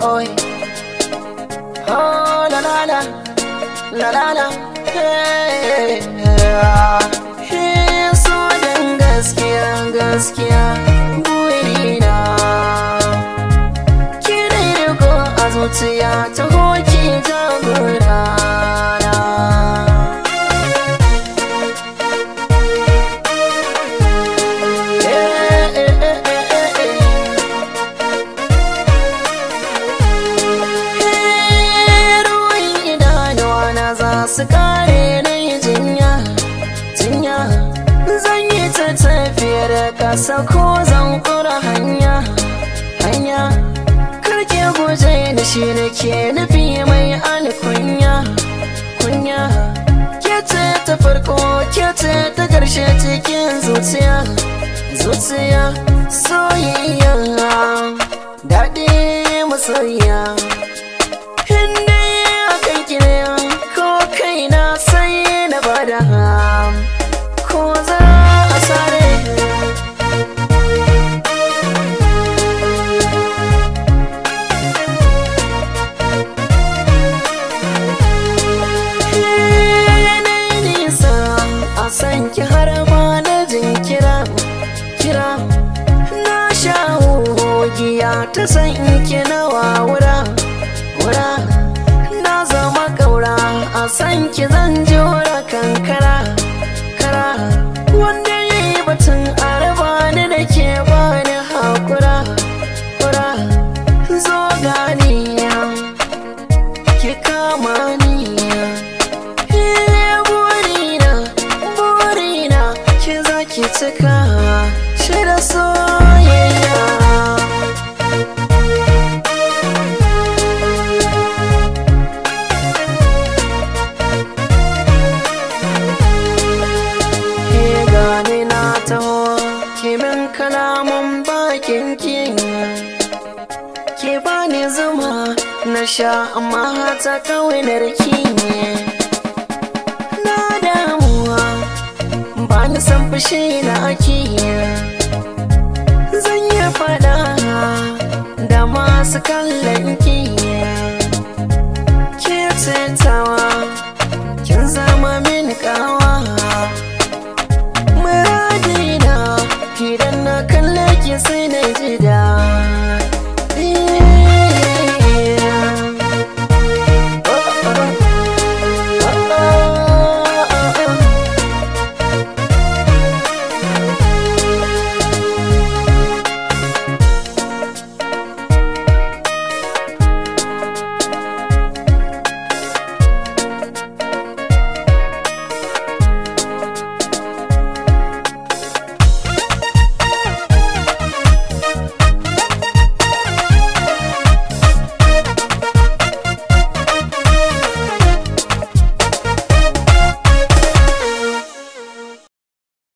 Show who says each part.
Speaker 1: oh, oh la la la, la la la, hey, yeah. Hey, ah, so dan gaskiya gaskiya. su kare na yi jinya jinya zan yi ta tafiyar kasa ko zan kura hanya hanya karke guje da shi da ke nufi mai alkunya kunya ke ce ta farko ke ce ta karshe cikin zuciya zuciya soyayya daɗi masoyya ya ta san ki nawa wura wura na zama gaura a san ki zan jora kankara kara wanda yayi batun araba ne da ke bani hakura kura zo gani ki kama ni burina burina ki zaki cika
Speaker 2: shi da so
Speaker 1: kalaman bakin kin ke bani zuma na sha amma hata kawai na ne na damuwa ba ni san fushi na ake zan yi fada da masu kallon ki ke tsintawa kin zama min kawo down